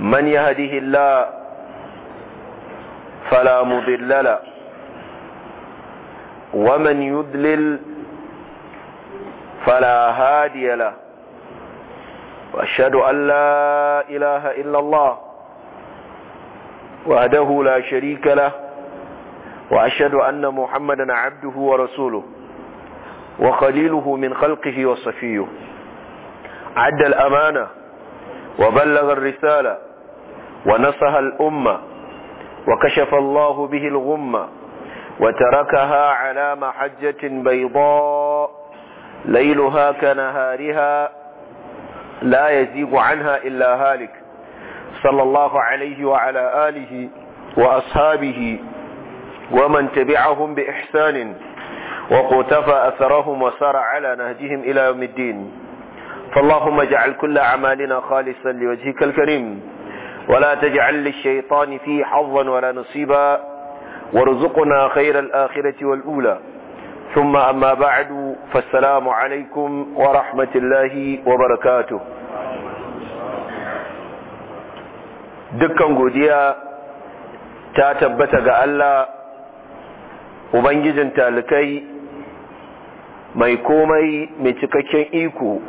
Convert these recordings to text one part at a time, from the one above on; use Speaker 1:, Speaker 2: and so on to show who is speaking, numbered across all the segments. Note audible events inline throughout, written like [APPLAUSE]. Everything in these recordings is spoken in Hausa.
Speaker 1: من يهده الله فلا مضل له ومن يضلل فلا هادي له واشهد ان لا اله الا الله وحده لا شريك له واشهد ان محمدا عبده ورسوله وخليله من خلقه وصفيه عد الامانه وبلغ الرساله ونصح الأمة وكشف الله به الغمة وتركها على محجة بيضاء
Speaker 2: ليلها
Speaker 1: كنهارها لا يزيغ عنها إلا هالك صلى الله عليه وعلى آله وأصحابه ومن تبعهم بإحسان وقتفى أثرهم وسار على نهجهم إلى يوم الدين فاللهم اجعل كل أعمالنا خالصا لوجهك الكريم ولا تجعل للشيطان فيه حظا ولا نصيبا وارزقنا خير الآخرة والأولى ثم أما بعد فالسلام عليكم ورحمة الله وبركاته دكا قديا تاتبتك ألا وبنجز تالكي mai komai mai cikakken iko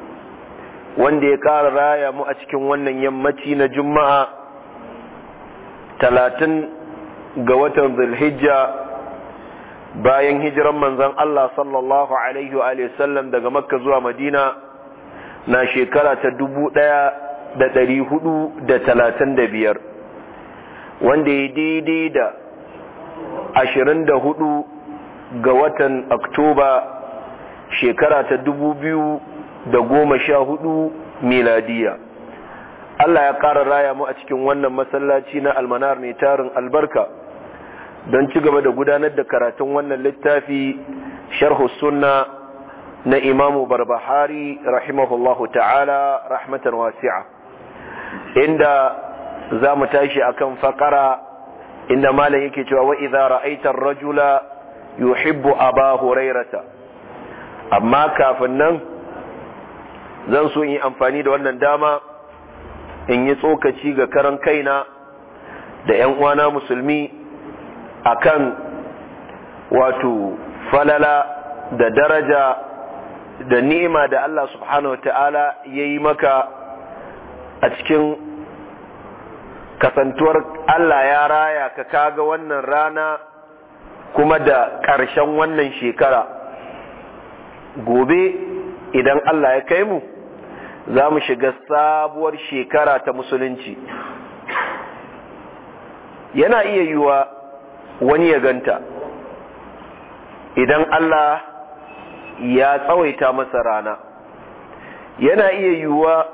Speaker 1: wanda ya ƙara raya mu a cikin wannan yammaci na juma'a talatin ga watan zulhijja bayan hijiran manzan Allah sallallahu alaihi wa sallam daga makka zuwa madina na shekara ta dubu ɗaya da dari hudu da talatin da biyar wanda ya daidai da ashirin da hudu ga watan oktoba shekara ta dubu biyu da goma sha hudu miladiya Allah ya ƙara raya mu a cikin wannan masallaci na almanar mai tarin albarka don ci gaba da gudanar da karatun wannan littafi sharhu sunna na imamu barbahari rahimahullahu ta'ala rahmatan wasi'a inda za mu tashi akan fakara inda malam yake cewa wa idza ra'aita rajula yuhibbu aba hurairata amma kafin nan zan so in yi amfani da wannan dama in yi tsokaci ga karan kaina da 'yan uwana musulmi a kan wato falala da daraja da ni'ima da Allah subhanahu wa ta'ala ya yi maka a cikin kasantuwar Allah ya raya ka kaga wannan rana kuma da ƙarshen wannan shekara gobe idan Allah ya kai mu za mu shiga sabuwar shekara ta musulunci yana iya yiwa wani ya ganta idan Allah ya tsawaita masa rana yana iya yiwa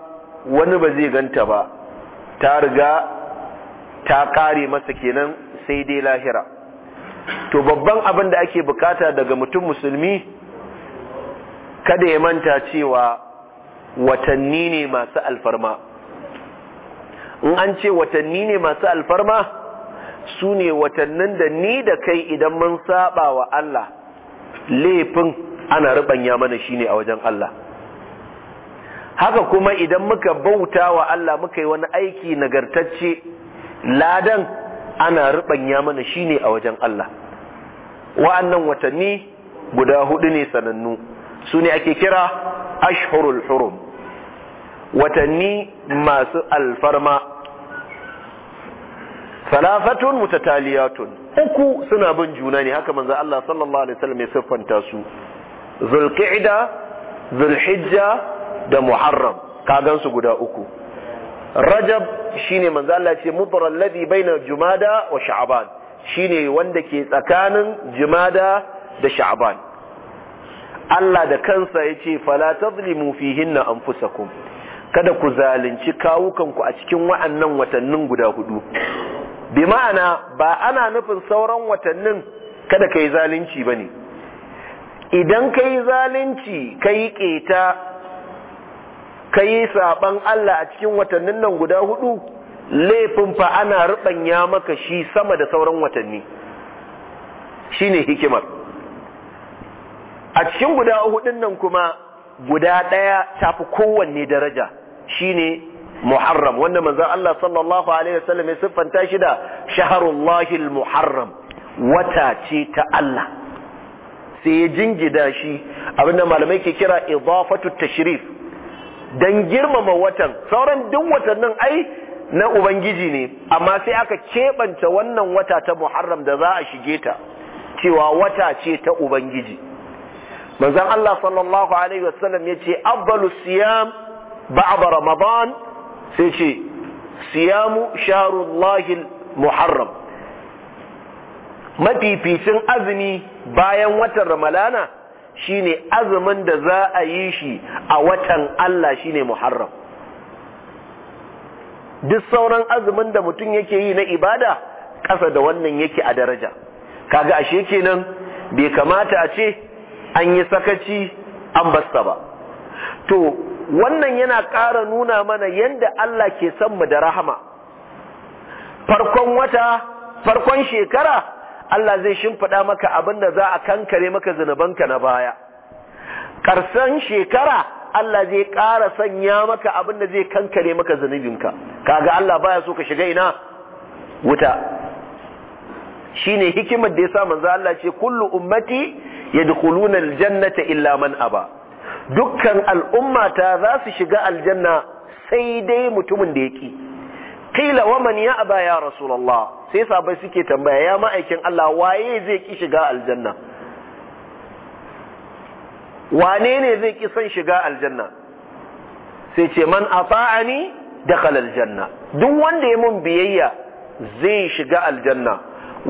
Speaker 1: wani ba zai ganta ba ta riga ta kare masa kenan sai dai lahira to babban abin da ake bukata daga mutum musulmi kada ya manta cewa watanni ne masu alfarma in an ce watanni ne masu alfarma su ne watannin da ni da kai idan mun saba wa Allah laifin ana ya mana shine a wajen Allah haka kuma idan muka bauta wa Allah muka yi wani aiki nagartacce ladan ana ya mana shine a wajen Allah wa'annan watanni guda hudu ne sanannu su ne ake kira ashhurul hurum watanni masu alfarma salafatun mutataliyatun uku suna bin juna ne haka manzo Allah sallallahu alaihi wasallam ya siffanta su zulqa'da zulhijja da muharram ka gansu guda uku rajab shine manzo Allah ce mudra alladhi baina jumada wa sha'ban shine wanda ke tsakanin jumada da sha'ban Allah da kansa ya ce fala tazlimu fihinna anfusakum kada ku zalunci kawukanku a cikin wa'annan watannin guda hudu bi ma'ana ba ana nufin sauran watannin kada kai zalunci ba ne, idan kai zalunci kai keta kai saɓan Allah a cikin watannin nan guda hudu laifin fa ana ruɓanya maka shi sama da sauran watanni shine hikimar a cikin guda hudun nan kuma guda ɗaya tafi kowanne daraja shine muharram wanda manzon Allah sallallahu alaihi wasallam ya siffanta shi da shahrullahi muharram. wata ce ta Allah sai ya jingida shi abinda malamai ke kira idafatu tashrif dan girmama watan sauran duk watannin ai na ubangiji ne amma sai aka kebanta wannan wata ta muharram da za a shige ta cewa wata ce ta ubangiji manzon Allah sallallahu alaihi wasallam yace afdalu siyam ba'da ramadan sai ce siyamu sharullahi muharram mafificin azumi bayan watan ramalana shine azumin da za a yi shi a watan Allah shine muharram duk sauran azumin da mutum yake yi na ibada ƙasa da wannan yake a daraja kaga ashe kenan bai kamata a ce an yi sakaci an basta ba to wannan yana ƙara nuna mana yadda Allah ke san mu da rahama farkon wata farkon shekara Allah zai shimfiɗa maka abin da za a kankare maka zunubanka na baya ƙarsan shekara Allah zai ƙara sanya maka abin da zai kankare maka zunubinka kaga Allah baya so ka shiga ina wuta shine hikimar da ya yasa manzo Allah ce kullu ummati yadkhuluna aljannata illa man aba dukkan al'ummata za su shiga aljanna sai dai mutumin da yake kila wa man ya'ba ya rasulullah sai sabai suke tambaya ya ma'aikin Allah waye zai ki shiga aljanna wane ne zai ki son shiga aljanna sai ce man ata'ani dakhala aljanna duk wanda ya mun biyayya zai shiga aljanna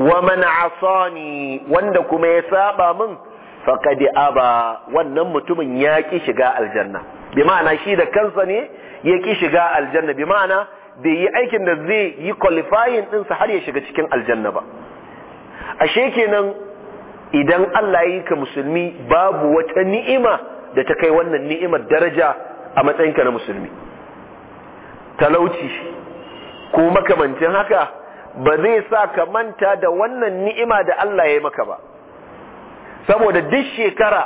Speaker 1: wa man asani wanda kuma ya saba min faqad aba wannan mutumin ya ki shiga aljanna bi ma'ana shi da kansa ne ya ki shiga aljanna bi ma'ana bai yi aikin da zai yi qualifying din har ya shiga cikin aljanna ba ashe kenan idan Allah ya yi ka musulmi babu wata ni'ima da ta kai wannan ni'imar daraja a ka na musulmi talauci ko makamancin haka ba zai sa ka manta da wannan ni'ima da Allah ya yi maka ba saboda duk shekara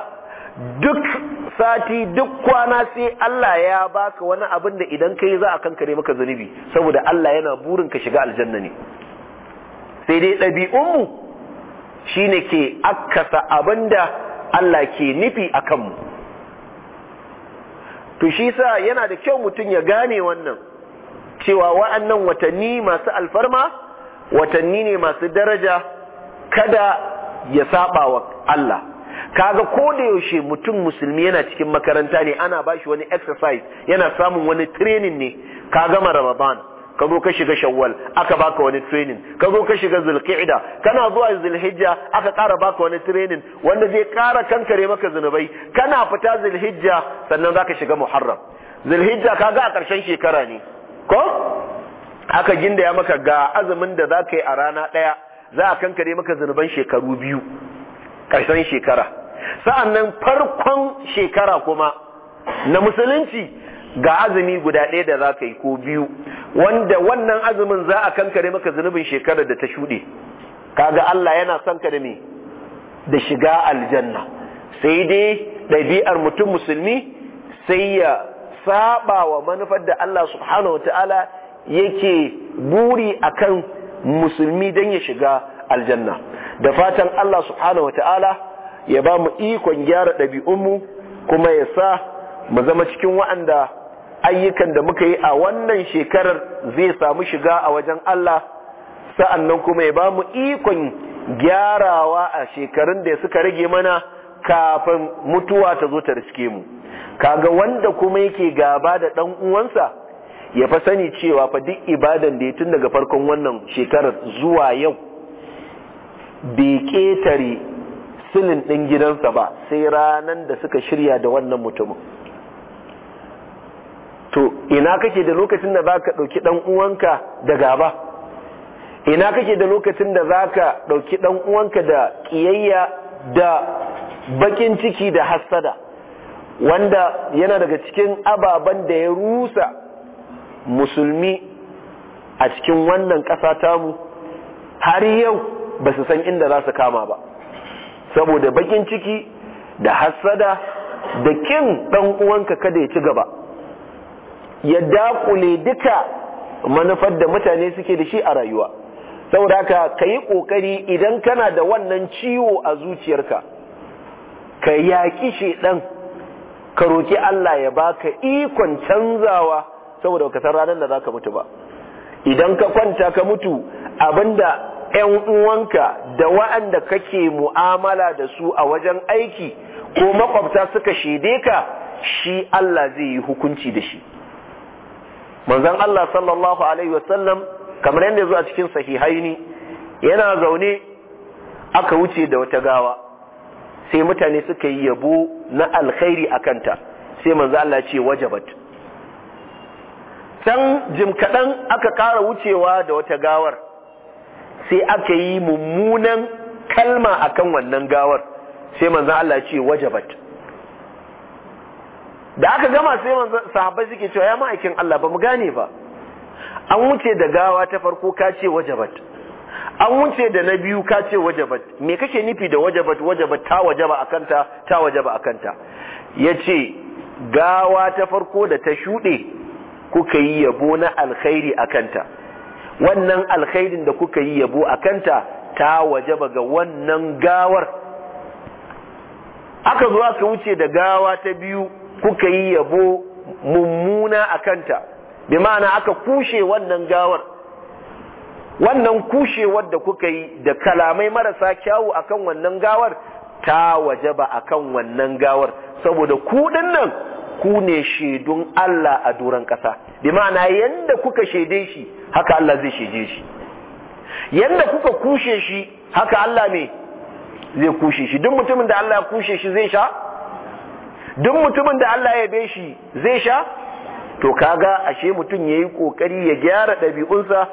Speaker 1: duk sati duk kwana sai Allah ya baka wani abin da idan kai za a kankare maka zunubi saboda Allah yana burin ka shiga aljanna ne sai dai ɗabi'unmu shine ke akasa abin da Allah ke nufi a kanmu to shi sa yana da kyau mutum ya gane wannan cewa wa'annan watanni masu alfarma watanni ne masu daraja kada ya saba wa Allah kaga ko da yaushe mutum musulmi yana cikin makaranta ne ana ba shi wani exercise yana samun wani training ne ka gama Ramadan ka zo ka shiga shawwal aka baka wani training ka zo ka shiga zulqa'da kana zuwa zulhijja aka ƙara baka wani training wanda zai ƙara kankare maka zunubai kana fita zulhijja sannan zaka shiga muharram zulhijja kaga a ƙarshen shekara ne ko aka ginda ya maka ga azumin da zaka yi a rana ɗaya za a kankare maka zunuban shekaru biyu ƙarshen shekara sa'annan farkon shekara kuma na musulunci ga azumi guda ɗaya da za ka yi ko biyu wanda wannan azumin za a kankare maka zunubin shekarar da ta shuɗe kaga Allah yana son ka da me da shiga aljanna sai dai ɗabi'ar mutum musulmi sai ya saɓa wa manufar da Allah subhanahu wa ta'ala yake buri akan musulmi don ya shiga aljanna da fatan Allah subhanahu wa ta'ala ya ba mu ikon gyara ɗabi'unmu kuma ya sa mu zama cikin wa'anda ayyukan da muka yi a wannan shekarar zai samu shiga a wajen Allah sa'an nan kuma ya ba mu ikon gyarawa a shekarun da suka rage mana kafin mutuwa ta zo ta riske mu kaga wanda kuma yake gaba da ɗan uwansa ya fa sani cewa fa duk ibadan da ya tun daga farkon wannan shekarar zuwa yau bai ƙetare silin ɗin gidansa ba sai ranar da suka shirya da wannan mutumin to ina kake da lokacin da za ka ɗauki ɗan uwanka da gaba ina kake da lokacin da za ka ɗauki ɗan uwanka da ƙiyayya da bakin ciki da hassada wanda yana daga cikin ababen da ya rusa musulmi a cikin wannan ƙasa mu har yau ba su san inda za su kama ba saboda bakin ciki da hassada da kin ɗan uwanka kada ya ci gaba ya dakule duka manufar da mutane suke da shi a rayuwa saboda ka, ka yi ƙoƙari idan kana da wannan ciwo a zuciyarka ka yaƙi shi ɗan ka roƙi Allah ya baka ikon canzawa saboda ka san ranar da za ka mutu ba idan ka kwanta ka mutu abinda yan uwanka da wa'anda kake mu'amala da su a wajen aiki ko makwabta suka shede ka shi Allah zai yi hukunci da shi manzon Allah sallallahu alaihi wasallam kamar yadda zuwa cikin sahihaini yana zaune aka wuce da wata gawa sai mutane suka yi yabo na alkhairi a kanta sai manzo Allah ce wajabat can jim kaɗan aka ƙara wucewa da wata gawar sai aka yi mummunan kalma akan wannan gawar sai manzan Allah ce wajabat da aka gama sai manzan sahabbai suke cewa ya ma'aikin Allah ba mu gane ba an wuce da gawa ta farko ka ce wajabat an wuce da na biyu ka ce wajabat me kake nufi da wajabat wajabat ta wajaba akanta ta wajaba akanta yace gawa ta farko da ta shuɗe kuka yi yabo na alkhairi a kanta wannan alkhairin da kuka yi yabo a kanta ta waje ga wannan gawar aka zo aka wuce da gawa ta biyu kuka yi yabo mummuna a kanta bi ma'ana aka kushe wannan gawar wannan kushewar da kuka yi da kalamai marasa kyawu akan wannan gawar ta waje wajaba akan wannan gawar saboda kudin nan ku ne shaidun Allah a duran ƙasa bi ma'ana yanda kuka shaide shi haka Allah zai shaide shi Yadda kuka kushe shi haka Allah ne zai kushe shi duk mutumin da Allah ya kushe shi zai sha duk mutumin da Allah ya be shi zai sha to kaga ashe mutum yayi kokari ya gyara ɗabi'unsa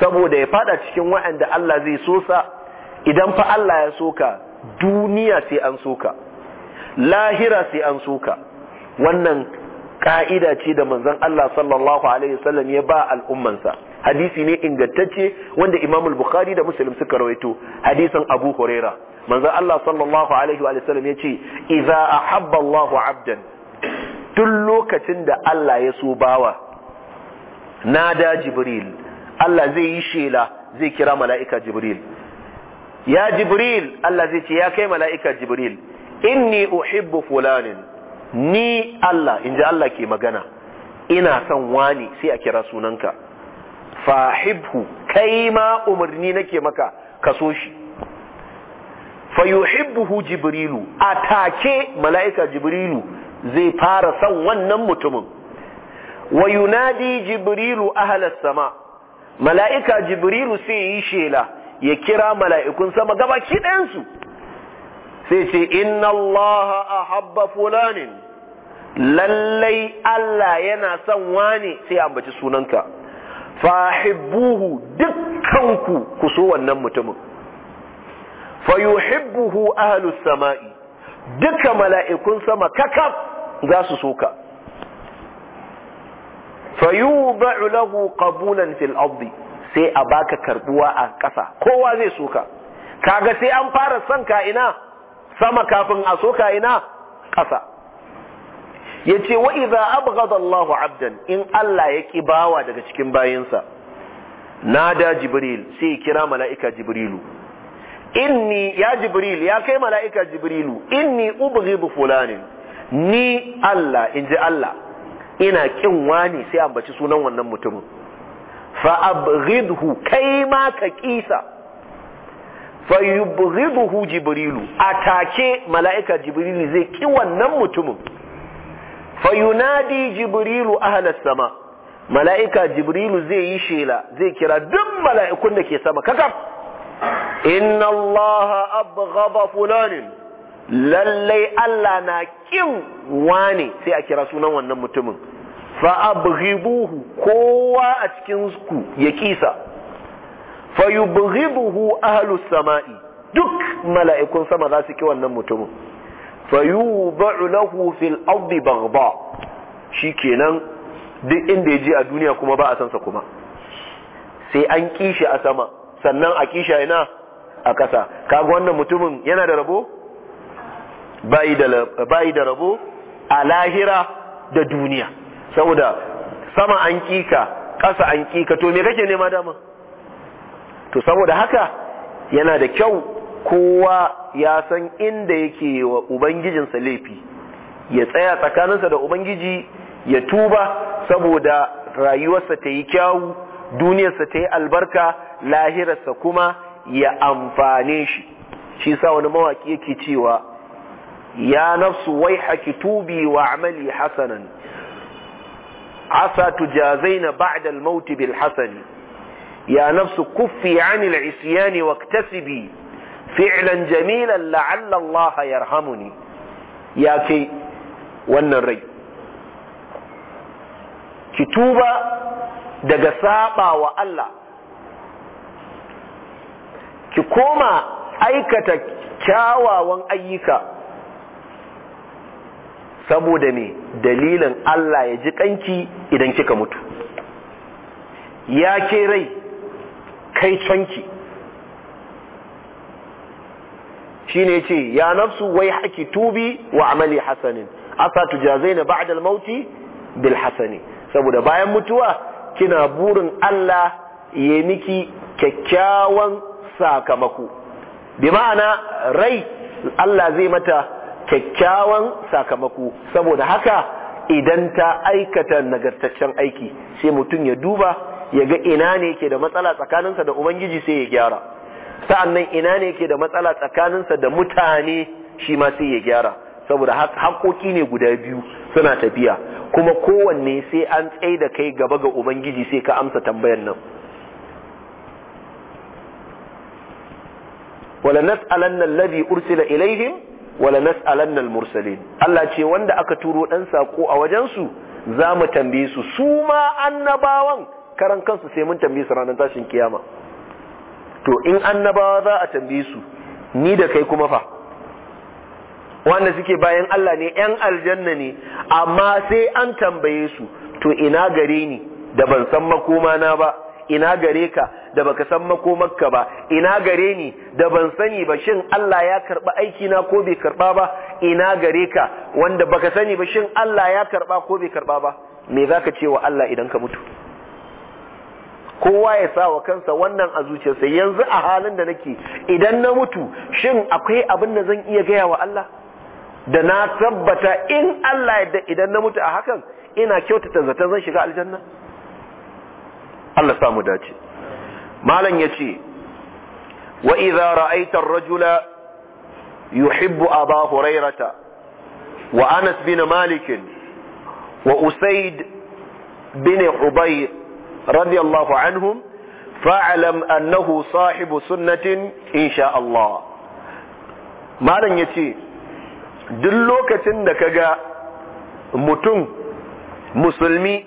Speaker 1: saboda ya fada cikin waɗanda Allah zai so sa idan fa Allah ya soka duniya sai an soka lahira sai an soka wannan ka'ida ce da manzon Allah sallallahu alaihi wasallam ya ba al'ummansa hadisi ne ingantacce wanda Imam al-Bukhari da Muslim suka rawaito hadisin Abu Huraira manzon Allah sallallahu alaihi wa sallam yace idza ahabba Allah 'abdan duk lokacin da Allah ya so bawa nada Jibril Allah zai yi shela zai kira mala'ika Jibril ya Jibril Allah zai ce ya kai mala'ika Jibril inni uhibbu fulanin ni Allah in ji Allah ke magana ina son wani sai a kira sunanka fahibhu kai ma umarni nake maka ka so shi fayuhibbuhu jibrilu atake mala'ika jibrilu zai fara son wannan mutumin wa yunadi jibrilu ahlas sama mala'ika jibrilu sai yi shela ya kira mala'ikun sama gabaki ɗayansu sai ce inna a habba fulanin lallai Allah yana son wani sai ambaci sunanka fahibbuhu dukkanku ku so wannan mutumin fayuhibbuhu ahlus sama'i duka mala'ikun sama kakaf za su soka fayuba'u lahu qabulan fil ardi sai a baka karbuwa a ƙasa kowa zai soka kaga sai an fara son ka ina sama kafin a so ina ƙasa ya ce wa iza abdan in Allah ya ki bawa daga cikin bayinsa da jibril sai ya kira mala'ika jibrilu inni ya jibril ya kai mala'ika jibrilu inni ubghidu fulanin ni Allah inji Allah ina kin wani sai ambaci sunan wannan mutumin fa abghidhu kai ma ka kisa fa yubghidhu jibrilu atake mala'ika jibrilu zai ki wannan mutumin fa yunadi jibrilu ahla sama mala'ika jibrilu zai yi shela zai kira duk mala'ikun da ke sama kakaf inna allaha abghaba fulanin lallai Allah na kin wane sai a kira sunan wannan mutumin fa abghibuhu kowa a cikin ku ya kisa fayubghibuhu ahlus sama'i duk mala'ikun sama za su ki wannan mutumin fayuba'u lahu fil ardi baghda shikenan duk inda yaje a duniya kuma ba a san sa kuma sai an kishi a sama sannan a kisha ina a kasa kaga wannan mutumin yana da rabo bai da bai da rabo a lahira da duniya saboda sama an kika ƙasa an kika to me kake nema dama to saboda haka yana da kyau kowa ya san inda yake wa ubangijinsa laifi ya tsaya tsakaninsa da ubangiji ya tuba saboda rayuwarsa ta yi kyawu duniyarsa ta yi albarka lahirarsa kuma ya amfane shi shi sa wani mawaki yake cewa ya nafsu wai haki tubi wa amali hasanan asa tujazaina ba'da al-maut bil hasani يا نفس كفي عن العصيان واكتسبي فعلا جميلا لعل الله يرحمني يا كي wannan rai ki tuba daga saɓa wa Allah ki koma aikata kyawawan ayyuka saboda me dalilin Allah ya ji kanki idan kika mutu ya ke rai kai canki shi ne ce ya nafsu wai haki tubi wa amali hasanin asa tujazaina na al-mauti bil hasani saboda bayan mutuwa kina burin Allah ya miki kyakkyawan sakamako bi ma'ana rai Allah zai mata kyakkyawan sakamako saboda haka idan ta aikata nagartaccen aiki sai mutum ya duba ya ga ina ne yake da matsala tsakaninsa da ubangiji sai ya gyara sa'an nan ina ne yake da matsala tsakaninsa da mutane shi ma sai ya gyara saboda haƙoƙi ne guda biyu suna tafiya kuma kowanne sai an tsaye da kai gaba ga ubangiji sai ka amsa tambayar nan wala nan labi ursila ilaihim wala nas'alan nan mursalin Allah ce wanda aka turo dan sako a wajensu su za mu tambaye su su ma annabawan karan kansu sai mun tambayi su ranar tashin kiyama to in annabawa za a tambaye su ni da kai kuma fa wanda suke bayan Allah ne ‘yan aljanna ne, amma sai an tambaye su, to ina gare ni da ban san makoma na ba, ina gare ka da baka san ka ba, ina gare ni da ban sani ba shin Allah ya aiki na ko bai karɓa ba, ina gare ka wanda baka sani ba shin Allah ya karba ko bai karba ba, me zaka ka ce wa Allah idan ka mutu? kowa ya sa wa kansa wannan a zuciyarsa yanzu a halin da nake idan na mutu shin akwai abin da zan iya gaya wa Allah da na tabbata in Allah yadda idan na mutu a hakan ina kyautata zata zan shiga aljanna Allah samu dace malam yace wa idza ra'aita ar-rajula yuhibbu aba hurairata wa anas bin malik wa usayd bin hubayr radiyallahu anhum fa'alam annahu sahibu sunnatin insha Allah malam yace duk lokacin da kaga mutum musulmi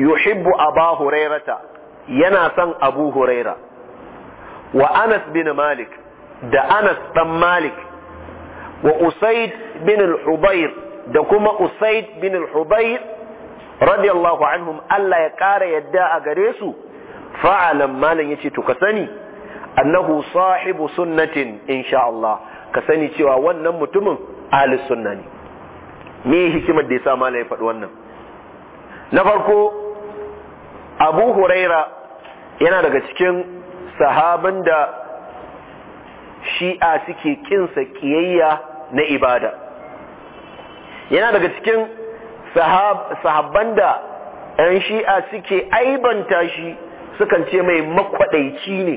Speaker 1: yuhibbu aba yana son abu huraira wa anas bin malik da anas ɗan malik wa usaid bin al da kuma usaid bin al radiyallahu anhum Allah ya ƙara yadda a gare su fa'alan malam yace to ka sani annahu sahibu sunnatin insha Allah ka sani cewa wannan mutumin ahli sunna ne me hikimar da yasa malam ya faɗi wannan na farko Abu Huraira yana daga cikin sahaban da shi'a suke kinsa kiyayya na ibada yana daga cikin sahabban da ‘yan shi'a suke aibanta shi sukan ce mai makwaɗaici ne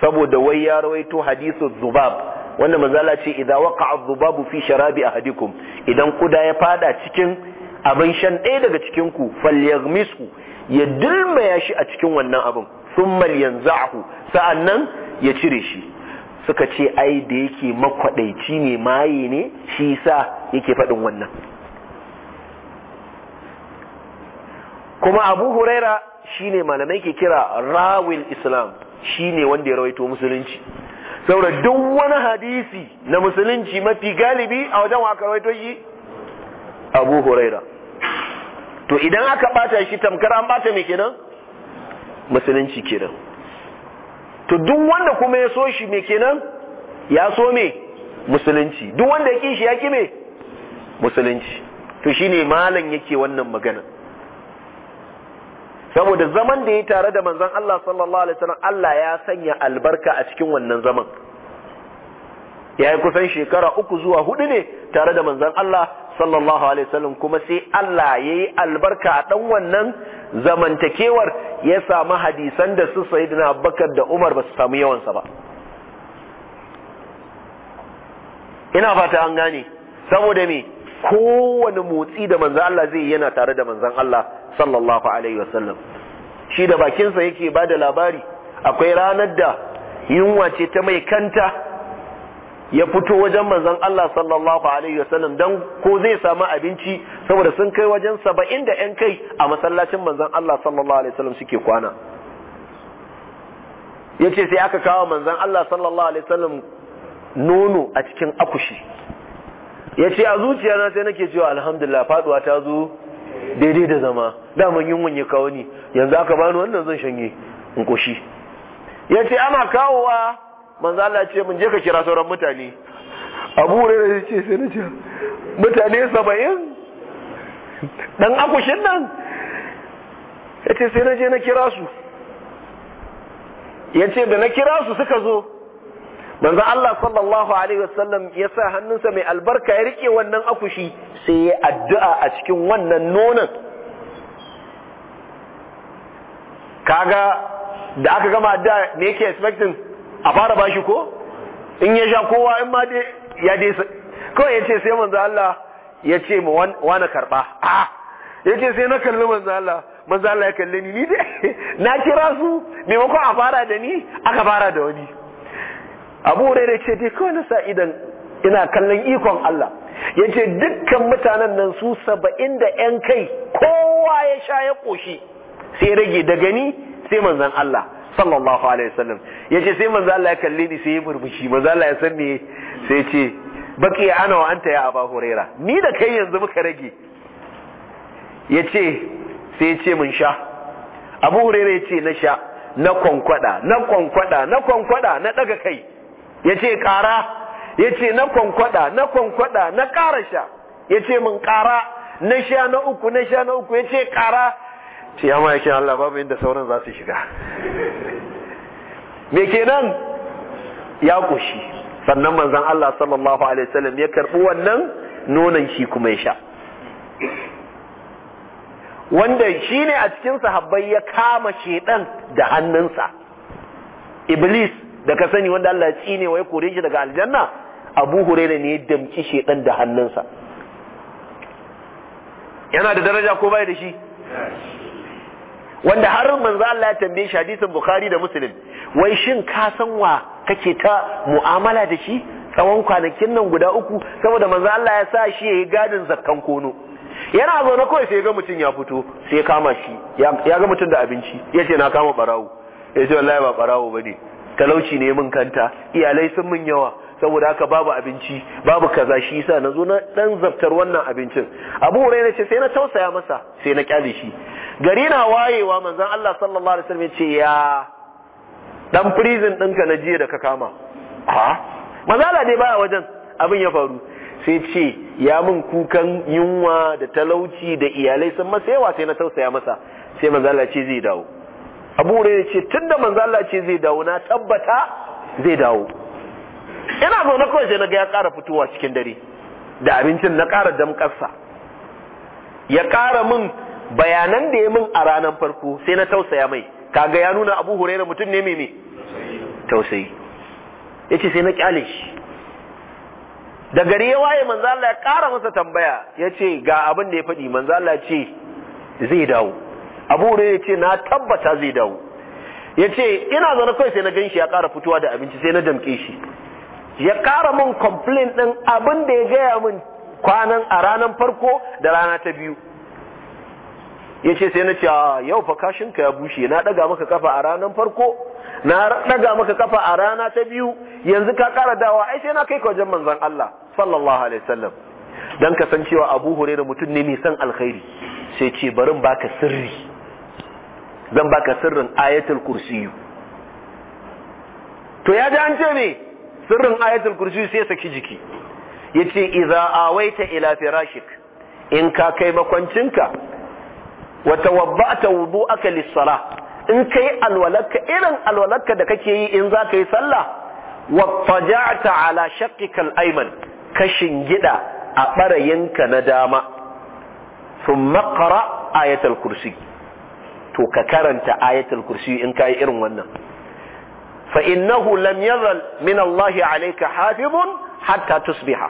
Speaker 1: saboda wai ya rawaito hadisu zubab wanda mazala ce idan waka zubabu fi sharabi a hadikun idan kuda ya fada cikin abin shan ɗaya daga cikinku falyagmisku ya dilmaya shi a cikin wannan abin sun malyan za'ahu sa'an nan ya cire shi suka ce ai da yake makwadaici ne maye ne shi sa yake faɗin wannan kuma abu huraira shi ne malamai ke kira rawil islam shi ne wanda ya rawaito musulunci saura duk wani hadisi na musulunci mafi galibi a wajen wa rawaito shi abu huraira to idan aka bata shi tamkar an bata mai kenan musulunci kenan to duk wanda kuma ya so shi mai kenan ya so me musulunci duk wanda ya ki shi ya ki me musulunci to shi ne malam yake wannan magana saboda zaman da ya tare da manzan Allah sallallahu alaihi wasallam Allah ya sanya albarka a cikin wannan zaman ya yi kusan shekara uku zuwa hudu ne tare da manzan Allah sallallahu alaihi wasallam kuma sai Allah yayi albarka a dan wannan zamantakewar ya samu hadisan da su sayyidina Abubakar da Umar ba su samu yawan sa ba ina fata an gane saboda me kowane motsi da manzon Allah zai yana tare da manzon Allah sallallahu alaihi wasallam shi da bakin sa yake bada labari akwai ranar da yunwa ce ta mai kanta ya fito wajen manzon Allah sallallahu alaihi wasallam dan ko zai samu abinci saboda sun kai wajen 70 da yan kai a masallacin manzon Allah sallallahu alaihi wasallam suke kwana yace sai aka kawo manzon Allah sallallahu alaihi wasallam nono a cikin akushi yace a zuciya zuciyana sai nake cewa alhamdulillah faduwa ta zo daidai da zama da mun yunwan ya kawo ni yanzu aka bani wannan zan shanye in koshi yace ana kawowa manzo Allah ce mun je ka kira sauran mutane Abu Hurairah ya ce sai na ce mutane 70 dan akushin nan ya ce sai na je na kira su ya ce da na kira su suka zo manzo Allah sallallahu alaihi wasallam ya sa hannunsa mai albarka ya rike wannan akushi sai ya addu'a a cikin wannan nonon kaga da aka gama addu'a me yake expecting a fara bashi ko in ya sha kowa in ma dai ya dai kawai ya ce sai manzo Allah ya ce ma wani karba a ya ce sai na kalli manzo Allah manzo Allah ya kalli ni ni dai [LAUGHS] na kira su maimakon a fara da ni aka fara da wani abu da ce dai kawai na sa idan ina kallon ikon Allah ya ce dukkan mutanen nan su saba'in da ‘yan kai kowa ya sha ya ƙoshi sai rage daga ni sai manzan Allah sallallahu alaihi wasallam yace sai manzo Allah ya kalle ni sai ya murmushi manzo Allah ya san me sai ya ce baki ana wa anta ya aba huraira ni da kai yanzu muka rage yace sai ya ce mun sha abu huraira yace na sha na kwankwada na kwankwada na kwankwada na daga kai yace kara yace na kwankwada na kwankwada na kara sha yace mun kara na sha na uku na sha na uku yace kara shi ya ma'aikin Allah babu inda sauran za su shiga me kenan ya ƙoshi sannan manzan Allah sallallahu alaihi wasallam ya karɓi wannan nonon shi kuma ya sha wanda shi ne a cikin sahabbai ya kama shedan da hannunsa iblis da ka sani wanda Allah ya tsine wa ya kore shi daga aljanna abu huraira ne ya damki shedan da hannunsa yana da daraja ko bai da shi wanda har manzo Allah ya tambaye shi hadisin Bukhari da Muslim wai shin ka san wa kake ta mu'amala da shi tsawon kwanakin nan guda uku saboda manzo Allah ya sa shi yayi gadin zakkan kono yana na kawai sai ga mutum ya fito sai ya kama shi ya ga mutum da abinci ya ce na kama barawo ya ce wallahi ba barawo bane talauci ne mun kanta iyalai sun mun yawa saboda haka babu abinci babu kaza shi yasa na zo na dan zaftar wannan abincin Abu Hurairah ce sai na tausaya masa sai na kyale shi gari na wayewa manzan Allah sallallahu alaihi wasallam ce ya dan prison ɗinka na jiya da ka kama ha mazala ne baya wajen abin ya faru sai ce ya min kukan yunwa da talauci da iyalai sun masa yawa sai na tausaya masa sai manzala ce zai dawo abu ne ce tun da manzala ce zai dawo na tabbata zai dawo ina na kawai sai na ga ya ƙara fitowa cikin dare da abincin na ƙara damƙarsa ya ƙara mun. bayanan da ya min a ranar farko sai na tausaya mai kaga ya nuna abu huraira mutum ne mai tausayi ya ce sai na kyale shi da gari ya waye manzo Allah ya ƙara masa tambaya ya ce ga abin da ya faɗi manzo ce zai dawo abu huraira ce na tabbata zai dawo ya ce ina zaune kai sai na gan shi ya ƙara fitowa da abinci sai na damke shi ya kara min complain ɗin abin da ya gaya min kwanan a ranar farko da rana ta biyu ya ce sai na cewa yau fa kashinka ya bushe na daga maka kafa a ranar farko na daga maka kafa a rana ta biyu yanzu ka kara dawa ai sai na kai kwajen wajen manzon Allah sallallahu alaihi wasallam dan kasancewa Abu Hurairah mutum ne mai san alkhairi sai ce barin baka sirri zan baka sirrin ayatul kursiyu to ya ji an ce ne sirrin ayatul kursiyu sai saki jiki yace idza awaita ila firashik in ka kai makwancinka Wata tawadda'ta wudu'aka lis-salah in kai alwalarka irin alwalarka da kake yi in za ka yi sallah wa taja'ta ala shaqqika al-ayman ka a ɓarayinka na dama thumma qra ayatul kursi to ka karanta ayatul kursi in kai irin wannan fa innahu lam yazal min Allah alayka hafizun hatta tusbiha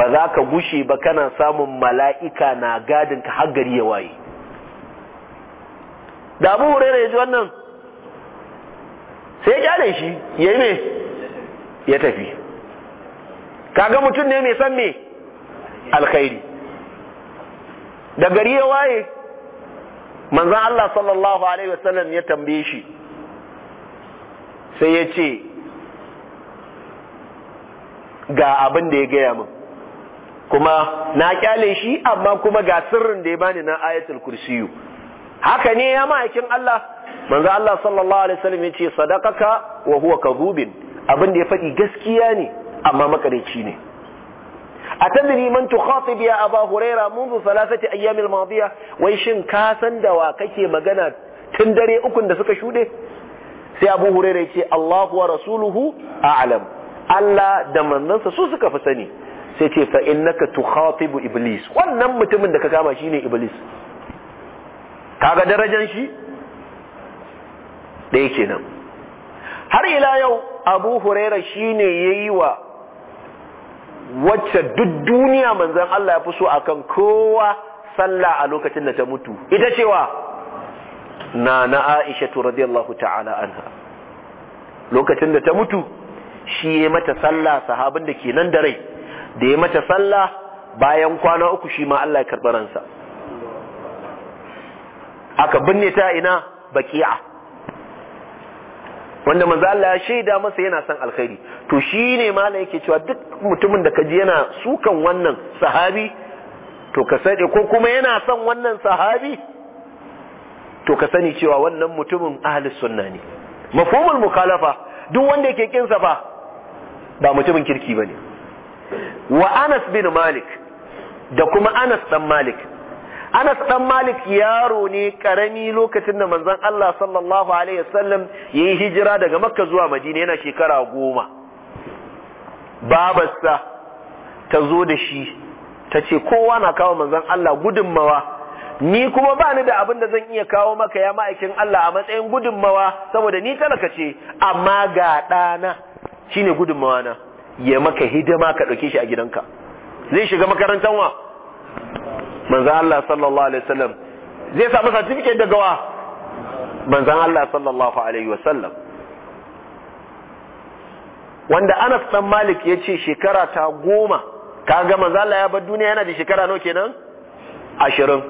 Speaker 1: ba za ka gushe ba kana samun mala'ika na gadin ka har gari ya waye da abu huraira ya ji wannan sai ya kyale shi ya yi ya tafi kaga mutum ne mai san me alkhairi da gari ya waye manzan Allah sallallahu Alaihi wasallam ya tambaye shi sai ya ce ga abin da ya gaya min kuma na kyale shi amma kuma ga sirrin da ya bani na ayatul kursiyu haka ne ya ma'aikin Allah manzo Allah sallallahu alaihi wasallam yace sadaqaka wa huwa kadhubin abin da ya faɗi gaskiya ne amma makareci ne atadri man tukhatib ya aba huraira منذ thalathati ayyam al wai shin ka san da wa kake magana tun dare ukun da suka shude sai abu huraira yace Allahu wa rasuluhu a'lam Allah da manzansa su suka fi sani sai ce fa innaka tukhatibu iblis wannan mutumin da ka kama shine iblis kaga darajan shi ɗaya kenan har ila yau abu huraira shine yayi wa wacce duk duniya manzon Allah ya fi so akan kowa sallah a lokacin da ta mutu ita cewa na na Aisha radiyallahu ta'ala anha lokacin da ta mutu shi ya mata sallah sahabin da ke nan da rai da ya mata sallah bayan kwana uku shi ma Allah ya karbaransa ransa aka binne ta ina baki'a wanda manzo Allah ya shaida masa yana son alkhairi to shine malam yake cewa duk mutumin da kaji yana sukan wannan sahabi to ka sani ko kuma yana son wannan sahabi to ka sani cewa wannan mutumin ahli sunna ne mafhumul mukhalafa duk wanda yake kin sa fa ba mutumin kirki bane wa Anas bin Malik da kuma Anas dan Malik Anas ɗan Malik yaro ne karami lokacin da manzon Allah sallallahu alaihi wasallam yayi hijira daga Makka zuwa Madina yana shekara goma babarsa ta zo da shi ta ce kowa na kawo manzon Allah gudunmawa ni kuma ba ni da abin da zan iya kawo maka ya ma'aikin Allah a matsayin gudunmawa saboda ni talaka ce amma ga ɗana shine gudunmawa na ya maka hidima ka ɗauke shi a gidanka zai shiga makarantar wa Manzan Allah sallallahu alaihi wasallam zai samu certificate da gawa? Manzan Allah sallallahu alaihi wasallam wanda Anas dan Malik yace shekara ta goma kaga manzan Allah ya bar duniya yana da shekara nawa kenan 20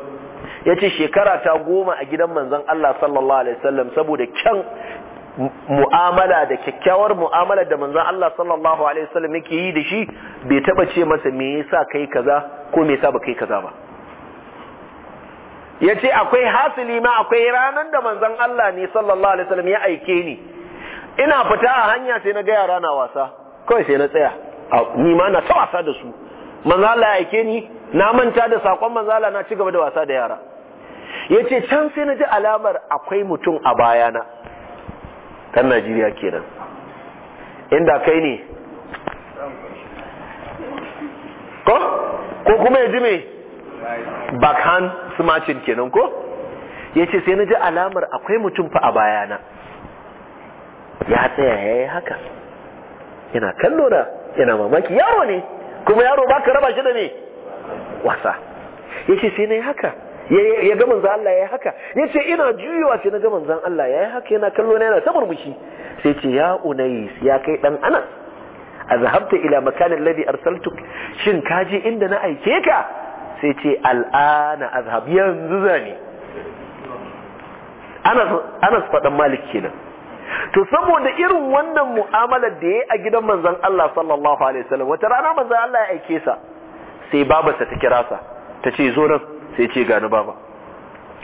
Speaker 1: yace shekara ta goma a gidan manzan Allah sallallahu alaihi wasallam saboda kyan mu'amala da kyakkyawar mu'amala da manzan Allah sallallahu alaihi wasallam yake yi da shi bai taba ce masa me yasa kai kaza ko me yasa ba kai kaza ba ya ce akwai hasili ma akwai ranar da manzon Allah ne sallallahu alaihi wasallam ya aike ni ina fita a hanya sai na ga yara na wasa kawai sai na tsaya ni ma na ta wasa da su manzan Allah ya aike ni na manta da sakon manzan Allah na ci gaba da wasa da yara Ya ce can sai na ji alamar akwai mutum a bayana dan Najeriya kenan inda kai ne ko ko kuma ya ji me backhand smashing kenan ko yace sai na alamar akwai mutum fa a bayana ya tsaya yayi haka yana kallo na yana mamaki yaro ne kuma yaro ba ka raba shi da ne wasa yace sai na yi haka ya ga manzon Allah ya yi haka ya ce ina juyowa sai na manzon Allah ya yi haka yana kallo na yana ta murmushi sai ce ya unais ya kai dan anas a zahabta ila makanin ladi arsaltuk shin kaje inda na aike ka sai ce al'ana azhab yanzu zani anas faɗan malik kenan to saboda irin wannan mu'amalar da ya a gidan manzan Allah sallallahu alaihi wasallam wata rana manzan Allah ya aike sa sai babarsa ta kira sa ta ce zo nan sai ce gani baba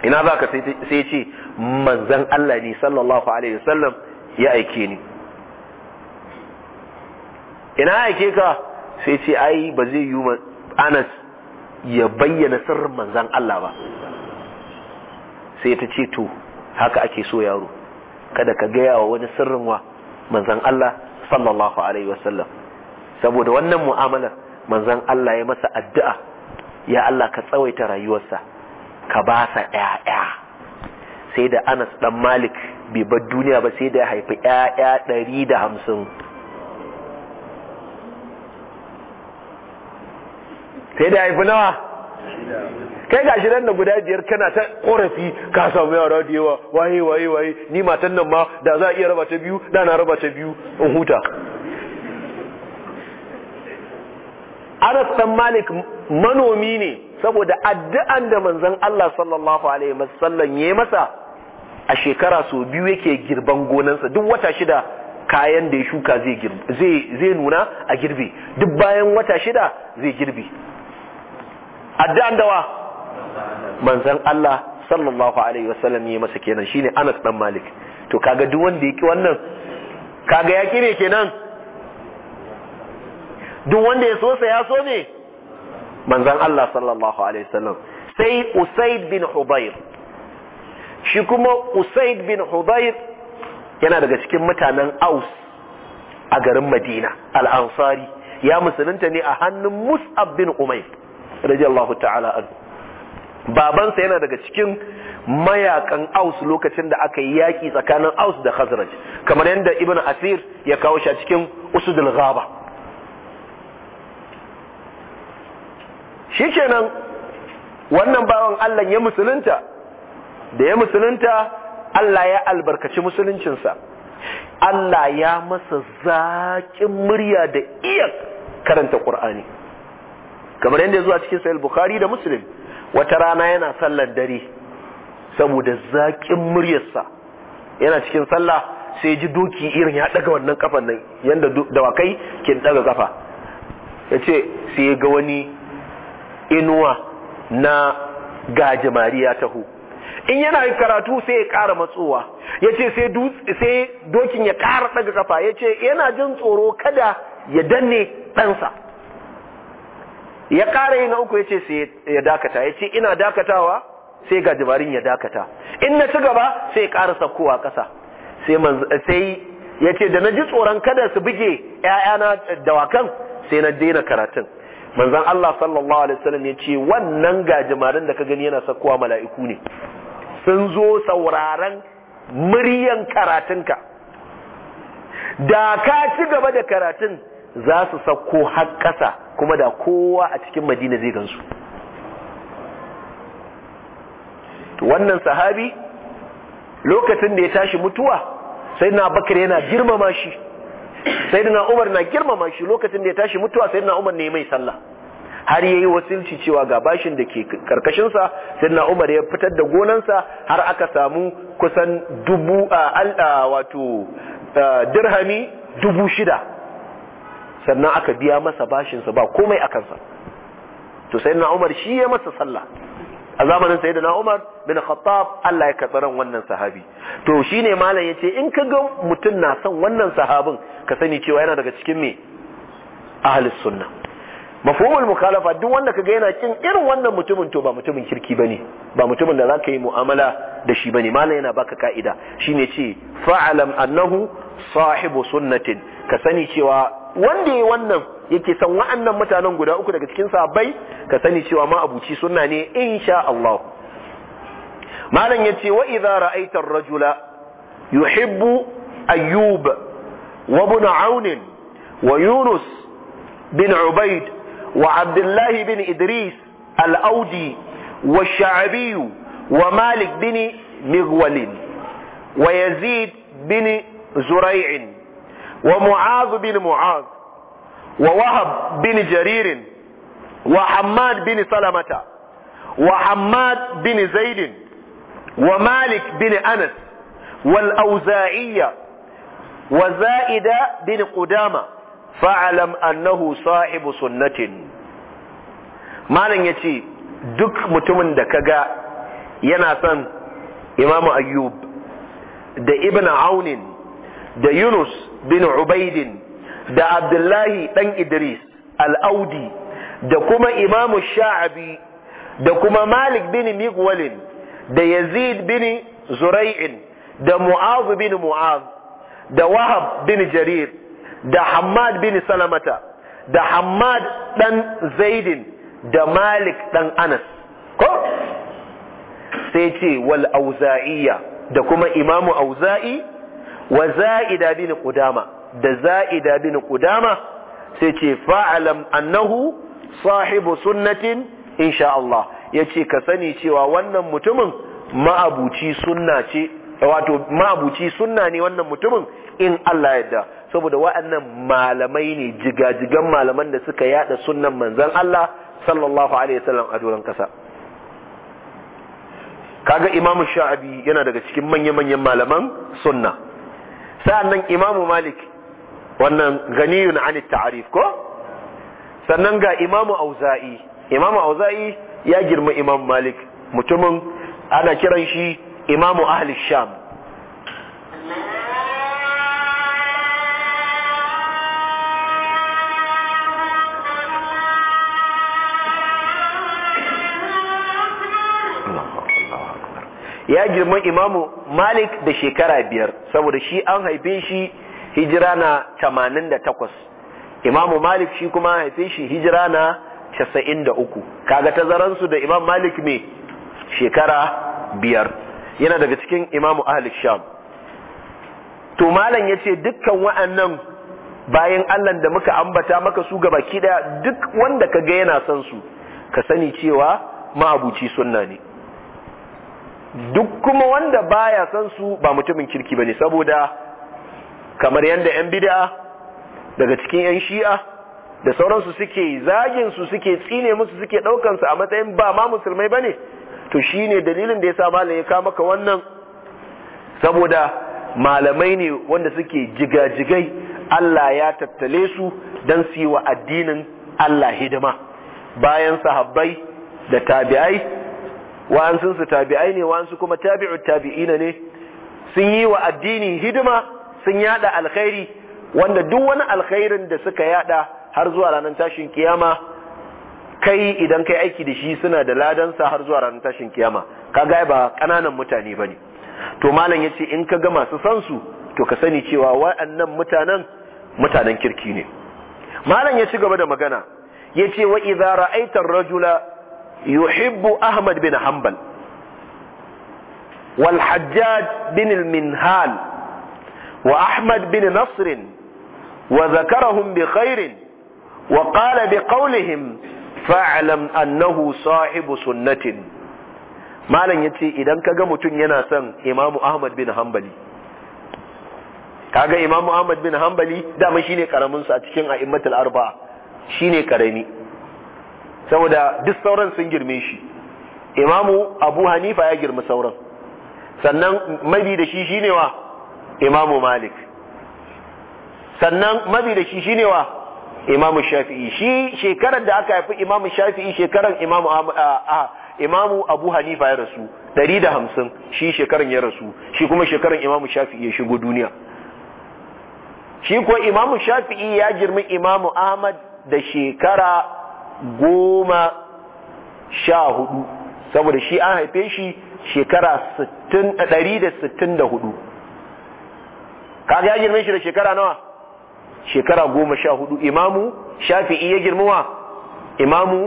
Speaker 1: ina za ka sai ce manzan Allah ne sallallahu alaihi wasallam ya aike ni ina aike ka sai ce ai ba zai yi anas ya bayyana sirrin manzan Allah ba sai ta ce to haka ake so yaro kada ka gaya wa wani sirrin wa manzan Allah sallallahu alaihi wasallam saboda wannan mu'amalar manzan Allah ya masa addu'a ya Allah ka tsawaita rayuwarsa ka ba sa ƴaƴa sai da Anas dan Malik bai bar duniya ba sai da ya haifi ƴaƴa ɗari da hamsin sai da haifi nawa kai gashi nan da guda biyar kana ta korafi ka samu yara da yawa waye waye waye ni matan nan ma da za a iya raba ta biyu da na raba ta biyu in huta Anas san Malik manomi ne saboda addu'an da manzon Allah sallallahu alaihi wasallam ya masa a shekara so biyu yake girban gonansa duk wata shida kayan da ya shuka zai zai nuna a girbe duk bayan wata shida zai girbe addu'an dawa manzon Allah sallallahu alaihi wasallam yi masa kenan shine Anas dan Malik to kaga duk wanda yake wannan kaga ya kire kenan duk wanda ya so sa ya so ne manzon Allah sallallahu alaihi wasallam sai Usaid bin Hudayr shi kuma Usaid bin Hudayr yana daga cikin mutanen Aus a garin Madina al-Ansari ya musulunta ne a hannun Mus'ab bin Umayr radiyallahu ta'ala anhu babansa yana daga cikin mayakan aus lokacin da aka yi yaƙi tsakanin aus da khazraj kamar yadda ibn asir ya kawo shi a cikin usudul ghaba shikenan wannan bawan Allah ya musulunta da ya musulunta Allah ya albarkaci musuluncinsa Allah ya masa zaƙin murya da iya karanta Qur'ani kamar yadda zuwa cikin sahih bukhari da muslim wata rana yana sallar dare saboda zaƙin muryarsa yana cikin sallah sai ji doki irin ya ɗaga wannan kafan nan yadda dawakai ke ƙafa. kafa ce sai ga wani inuwa na gajimariya taho in yana yin karatu sai ya ƙara matsowa ya ce sai dokin ya ƙara ɗaga kafa ya ce yana jin tsoro kada ya danne ɗansa ya ƙara yin uku ya ce sai ya dakata ya ce ina dakatawa sai ga dabarin ya dakata in na ci gaba sai ya ƙara saukowa ƙasa sai ya ce da na ji tsoron kada su buge ‘ya'yana dawakan sai na daina karatun manzan Allah sallallahu alaihi wasallam ya ce wannan gajimarin da ka gani yana saukowa mala'iku ne sun zo sauraron muryan karatunka da ka ci gaba da karatun za su sauko har ƙasa kuma da kowa a cikin madina zai gansu wannan sahabi lokacin da ya tashi mutuwa sai na bakar yana girmama shi sai na umar na girmama shi lokacin da ya tashi mutuwa sai na umar ne mai sallah har yayi wasilci cewa ga bashin da ke karkashinsa sai na umar ya fitar da gonansa har aka samu kusan dubu a wato dirhami dubu shida sannan aka biya masa bashinsa ba komai a kansa to sai na umar shi ya masa sallah a zamanin sai na umar bin khattab Allah ya karɓi wannan sahabi to shine malam ce in ka ga mutum na son wannan sahabin ka sani cewa yana daga cikin me ahli sunna mafhumul mukhalafa duk wanda kaga yana kin irin wannan mutumin to ba mutumin kirki bane ba mutumin da zaka yi mu'amala da shi bane malam yana baka ka'ida shine ce fa'alam annahu sahibu sunnatin ka sani cewa wanda yayi wannan yake san wa'annan mutanen guda uku daga cikin sabai ka sani cewa ma abuci sunna ne insha Allah malan yace wa idza ra'aita ar-rajula yuhibbu ayyub wa ibn aun wa yunus bin ubayd wa abdullah bin idris al-audi wa sha'bi wa malik bin wa yazid bin زريع wa mu'az bin mu'az wa wahab bin jaririn wa hammad bin salamata wa hammad bin zaidin wa malik bin anas wal auza'iyya wa za'ida bin qudama fa'alam annahu sahibu sunnatin malam ya yace duk mutumin da ka ga, yana son Imam ayyub da ibn aunin da yunus bin Ubaidin da Abdullahi ɗan Idris al'audi da kuma imamu sha'abi da kuma Malik bin Migwalin da Yazid bin Zurai'in da Mu'az bin Mu'az da Wahab bin Jarir da Hammad bin Salamata da Hammad ɗan Zaidin da Malik ɗan Anas. Ko? Sai ce wal auza'iyya da kuma imamu auza'i wa za'ida bin qudama da za'ida bin qudama sai ce fa'alam annahu sahibu sunnatin insha Allah yace ka sani cewa wannan mutumin ma'abuci sunna ce wato ma'abuci sunna ne wannan mutumin in Allah yadda saboda wa'annan malamai ne jigajigan malaman da suka yada sunnan manzon Allah sallallahu alaihi wasallam a doron kasa kaga imamu sha'abi yana daga cikin manya-manyan malaman sunna sa'annan imamu malik wannan ganiyun an ta'arif ko sannan ga imamu auza'i imamu auza'i ya girma imam malik mutumin ana kiran shi imamu ahli sham ya girman imamu malik da shekara biyar saboda shi an haife shi hijira na 88 imamu malik shi kuma haife shi hijira na 93 kaga tazaransu da imam malik me shekara biyar yana daga cikin imamu ahalik sham to malam ya ce dukkan wa'annan bayan allan da muka ambata maka su gaba kiɗa duk wanda ka ga yana son su ka sani cewa ma'abuci sunna ne duk kuma wanda baya san su ba mutumin kirki bane saboda kamar yanda yan bid'a daga cikin yan shi'a da sauransu suke zagin su suke tsine musu suke daukan su a matsayin ba ma musulmai bane to shine dalilin da yasa malamin ya kawo maka wannan saboda malamai ne wanda suke jigajigai Allah ya tattale su dan su wa addinin Allah hidima bayan sahabbai da tabi'ai Wa'ansansu su tabi'ai ne wa'ansu kuma tabi'u tabi'ina ne sun yi wa addini hidima sun yada alkhairi wanda duk wani alkhairin da suka yada har zuwa ranar tashin kiyama kai idan kai aiki da shi suna da ladansa har zuwa ranar tashin kiyama kaga ba kananan mutane bane to malam yace in ka ga masu san su to ka sani cewa wa'annan mutanen mutanen kirki ne malam ya ci gaba da magana yace wa idza ra'aita ar-rajula yuhibbu ahmad bin Hambal, wal bin minhal wa ahmad bin Nasrin, wa zakarahum bi khairin wa qala bi qawlihim fa'lam annahu sahibu sunnatin malam ya ce idan ka ga mutum yana son imamu ahmad bin hanbali kaga imamu ahmad bin Hambali? dama shine karamin a cikin a'immatul arba'a shine ƙarami. saboda duk sauran sun girme shi imamu abu hanifa ya girma sauran sannan mabi da shi ne wa imamu malik sannan mabi da shi ne wa imamu shafi'i shi shekarar da aka haifi imamu shafi'i shekarar imamu imamu abu hanifa ya rasu 150 shi shekarar ya rasu shi kuma shekarar imamu shafi'i ya shigo duniya shi ko imamu shafi'i ya girma imamu ahmad da shekara goma sha hudu saboda shi an haife shi shekara ɗari da sittin da hudu kaga ya girme shi da shekara nawa shekara goma sha hudu imamu shafi'i ya girmuwa imamu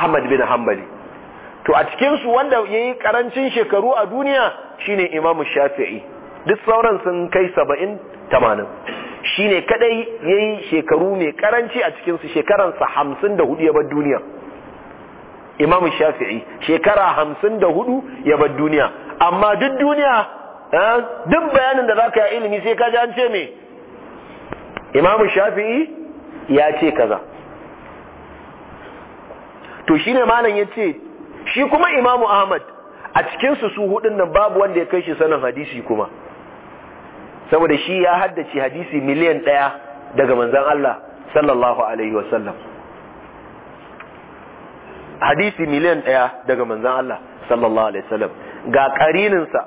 Speaker 1: ahmad bin hambali to a cikinsu wanda ya yi karancin shekaru a duniya shine imamu shafi'i duk sauran sun kai saba'in tamanin Shi ne kadai ya yi shekaru mai karanci a cikinsu su shekaran sa hudu ya bar duniya Imam Shafi'i shekara hamsin hudu ya bar duniya amma duk duniya duk bayanin da za ka yi ilimi sai ka ji an ce me Imam Shafi'i ya ce kaza to shi ne malam ce, shi kuma Imam Ahmad a cikinsu su su hudun nan babu wanda ya kai shi sanin hadisi kuma saboda shi ya haddace hadisi miliyan ɗaya daga manzan Allah sallallahu alaihi wasallam hadisi miliyan ɗaya daga manzan Allah sallallahu alaihi wasallam ga ƙarininsa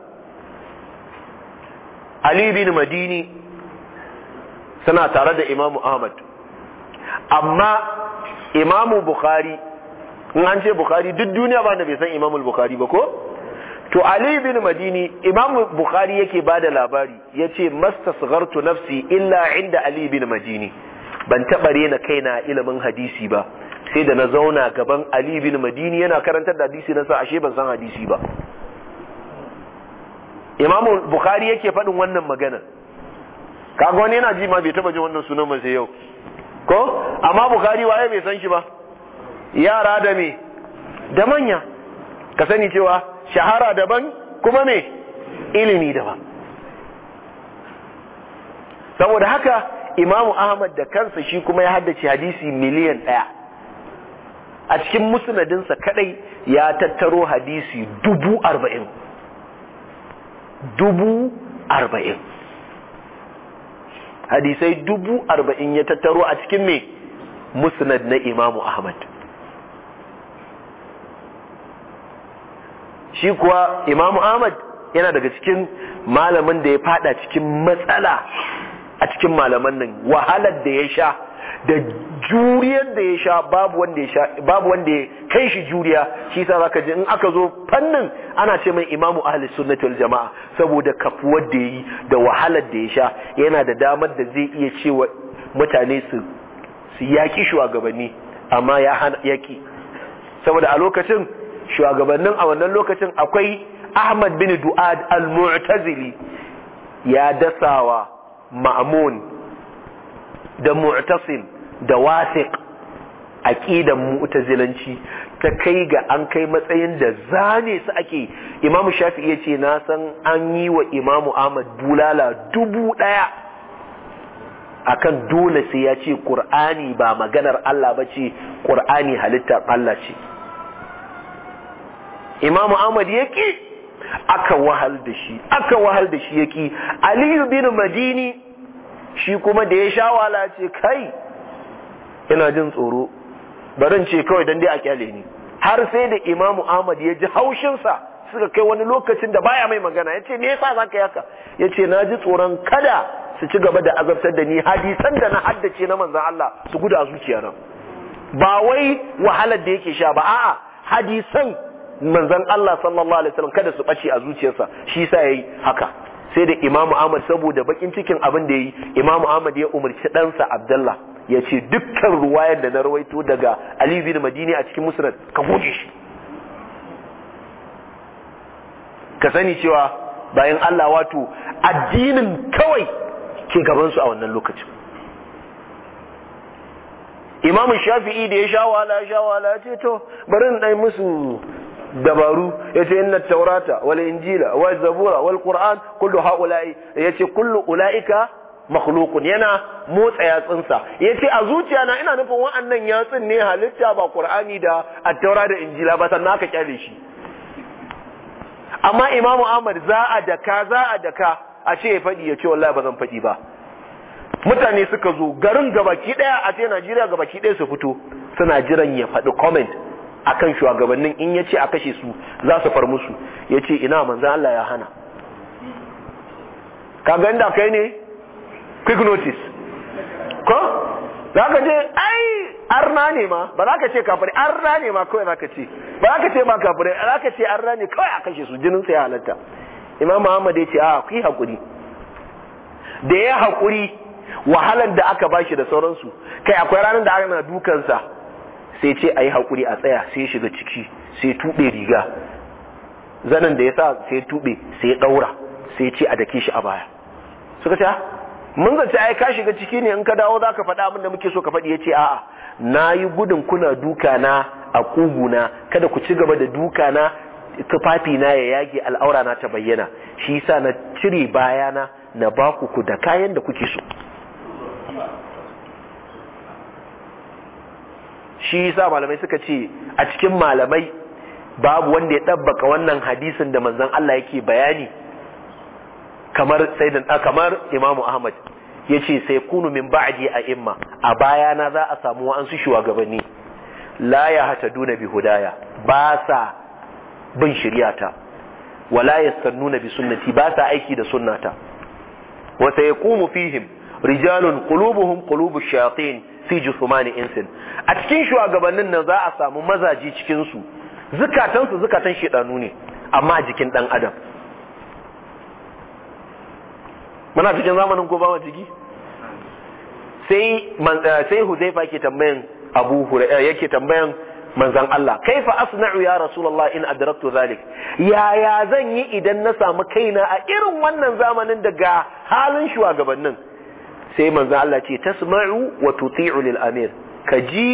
Speaker 1: Ali bin Madini suna tare da Imamu Ahmad amma Imamu Bukhari in an ce Bukhari duk duniya ba da bai san Imamu Bukhari ba ko to ali bin madini imam bukhari yake bada labari yace mastasghartu nafsi illa inda ali bin madini ban taba rena kaina ilimin hadisi ba sai da na zauna gaban ali bin madini yana karantar da hadisi na sa ashe ban san hadisi ba imam bukhari yake faɗin wannan magana kaga wani yana ji ma bai taba jin wannan sunan ba sai yau ko amma bukhari waye bai san shi ba yara da me da manya ka sani cewa shahara daban kuma me ilimi daban saboda haka imamu ahmad da kansa shi kuma ya haddace hadisi miliyan ɗaya a cikin musnadinsa kadai ya tattaro hadisi dubu arba'in dubu arba'in hadisai dubu arba'in ya tattaro a cikin me musnad na imamu ahmad shi kuwa imamu ahmad yana daga cikin malamin da ya fada cikin matsala a cikin malaman nan wahalar da ya sha da juriyar da ya sha babu wanda ya sha babu wanda ya kai shi juriya shi sa zaka ji in aka zo fannin ana ce mai imamu ahli sunnati wal jamaa saboda kafuwar da yi da wahalar da ya sha yana da damar da zai iya cewa mutane su su yaki shugabanni amma ya yaki saboda a lokacin shugabannin a wannan lokacin akwai Ahmad bin Du'ad al-Mu'tazili ya dasawa Ma'mun da Mu'tasim da Wasiq aqidan mu'tazilanci ta kai ga an kai matsayin da zane su ake Imam Shafi'i yace na san an yi wa Imam Ahmad bulala dubu daya akan dole sai ya ce Qur'ani ba maganar Allah ba ce Qur'ani halittar Allah ce imamu ahmad ya ki aka wahal da shi aka wahal da shi ya ki aliyu bin madini shi kuma da ya sha wala ce kai ina jin tsoro barin ce kawai dan dai a kyale ni har sai da imamu ahmad ya ji haushinsa suka kai wani lokacin da baya mai magana ya ce me yasa za yi haka ya ce na ji tsoron kada su ci gaba da azabtar da ni hadisan da na haddace na manzan Allah su guda zuciya nan ba wai wahalar da yake sha ba a'a hadisan manzon Allah sallallahu alaihi wasallam kada su bace a zuciyarsa shi yasa yi haka sai da Imam Ahmad saboda bakin cikin abin da ya yi Imam Ahmad ya umarci ɗansa Abdullah ya ce dukkan ruwayar da na rawaito daga Ali bin Madini a cikin Musnad ka goge shi ka sani cewa bayan Allah wato addinin kawai ke gaban su a wannan lokacin Imam Shafi'i da ya sha wala sha wala ya ce to bari in dai musu dabaru yace inna taurata wal injila wal zabura wal qur'an kullu haula'i yace kullu ulaika makhluqun yana motsa yatsunsa yace a zuciya na ina nufin wa'annan yatsun ne halitta ba qur'ani da at-taura da injila ba sannan aka kyale shi amma imamu ahmad za a daka za a daka a ce ya faɗi ya ce wallahi ba zan faɗi ba mutane suka zo garin gabaki daya a ce Najeriya gabaki daya su fito suna jiran ya faɗi comment akan shugabannin in yace a kashe su za su far musu yace ina manzon Allah ya hana kaga inda kai ne quick notice ko za ka je ai arna ne ma ba za ka ce kafirai arna ne ma kawai za ka ce ba za ka ce ma kafirai za ka ce arna ne kawai a kashe su jinin sai ya halatta imam muhammad ya ce a ah, ku yi hakuri da ya hakuri wahalan da aka bashi da sauransu kai akwai ranar da ana dukansa sai ce a yi haƙuri a tsaya sai shiga ciki sai tuɓe riga zanen da ya sa sai tuɓe sai ɗaura sai ce a dake shi a baya suka ce ah, mun zance ai ka shiga ciki ne in ka dawo za ka faɗa abin da muke so ka faɗi ya ce a'a na yi gudun kuna duka na a ƙuguna kada ku ci gaba da duka na tufafi na ya yage al'aura na ta bayyana shi sa na cire bayana na baku ku da kayan da kuke so shi yasa malamai suka ce a cikin malamai babu wanda ya dabbaka wannan hadisin da manzon Allah yake bayani kamar saidan kamar Imam Ahmad yace sai kunu min ba'di a imma a baya na za a samu wa'ansu shugabanni la ya hata duna bi hudaya ba sa bin shiryata wala yastannuna bi sunnati ba sa aiki da sunnata wa sayqumu fihim rijalun qulubuhum qulubush shayatin fi jusumani insin a cikin shugabannin nan za a samu mazaji cikinsu. su zukatan su ne amma a jikin dan adam muna cikin zamanin ko ba jigi jiki sai eh, sai Huzaifa ke tambayan Abu Hurairah eh, yake tambayan manzan Allah kaifa asna'u ya rasulullah in adraktu zalik yaya zan yi idan na samu kaina a irin wannan zamanin daga halin shugabannin sai manzo Allah ce tasma'u wa tuti'u lil amir ka ji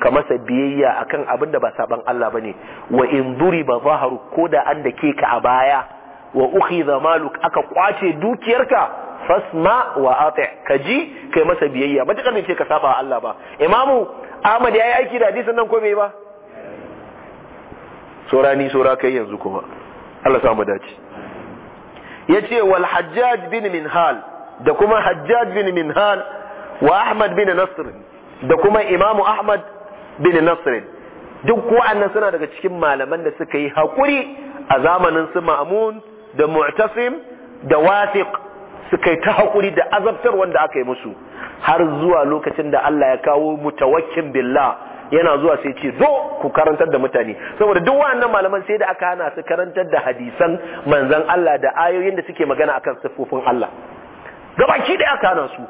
Speaker 1: ka masa biyayya akan abin da ba saban Allah bane wa in duriba zaharu ko da an ka a baya wa ukhidha maluk aka kwace dukiyarka fasma wa ati ka ji kai masa biyayya matakar ne ce ka saba Allah ba imamu Ahmad yayi aiki da hadisin nan ko bai ba sora ni sora kai yanzu kuma Allah sa mu dace yace wal hajjaj bin minhal da kuma hajjaj bin Minhal wa ahmad bin nasr da kuma imamu ahmad bin nasr duk wa'annan suna daga cikin malaman da suka yi hakuri a zamanin su ma'amun da mu'tasim da wasiq suka yi ta haƙuri da azabtar wanda aka yi musu har zuwa lokacin da Allah ya kawo mutawakkin billah yana zuwa sai ce zo ku karantar da mutane saboda duk wannan malaman sai da aka hana su karantar da hadisan manzon Allah da ayoyin da suke magana akan siffofin Allah gabaki da aka hana su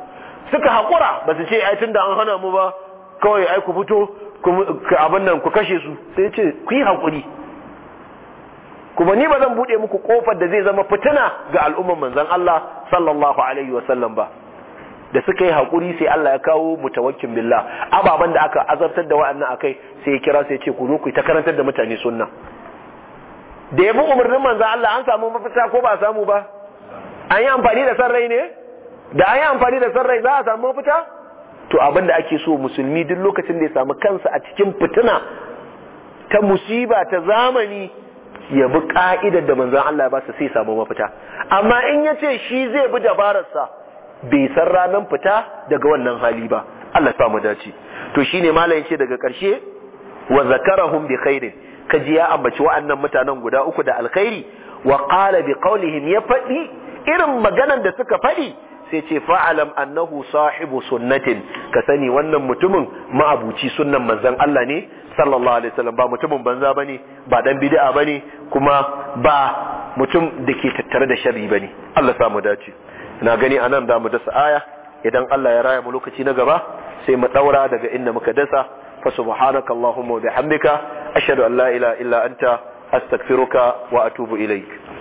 Speaker 1: suka haƙura ba su ce ai tunda an hana mu ba kawai ai ku fito abin nan ku kashe su sai ce ku yi haƙuri kuma ni ba zan buɗe muku ƙofar da zai zama fitina ga al'ummar manzon Allah sallallahu alaihi wasallam ba da suka yi haƙuri sai Allah ya kawo mutawakkin billah ababen da aka azartar da wa'annan akai sai ya kira sai ya ce ku zo ku ta karantar da mutane sunna da ya bi umarnin manzon Allah an samu mafita ko ba samu ba an yi amfani da san rai ne da an yi amfani da sarrai za a samu mafita to abin da ake so musulmi duk lokacin da ya samu kansa a cikin fitina ta musiba ta zamani ya bi ka'idar da manzon Allah ba su sai samu mafita amma in yace shi zai bi dabararsa bai san ranar fita daga wannan hali ba Allah samu dace to shine malam yace ce daga karshe, wa zakarahum bi khairin kaji ya ambaci wa'annan mutanen guda uku da alkhairi wa qala bi qawlihim ya faɗi irin maganan da suka faɗi sai ce fa'alam annahu sahibu sunnatin ka sani wannan mutumin ma'abuci sunnan manzon Allah ne sallallahu alaihi wasallam ba mutumin banza ne ba dan ba bane kuma ba mutum da ke tattare da sharri bane Allah samu dace na gani anan da mu dasa aya idan Allah ya raya mu lokaci na gaba sai mu daura daga inda muka dasa fa subhanaka allahumma wa bihamdika ashhadu an la ilaha illa anta astaghfiruka wa atubu ilaik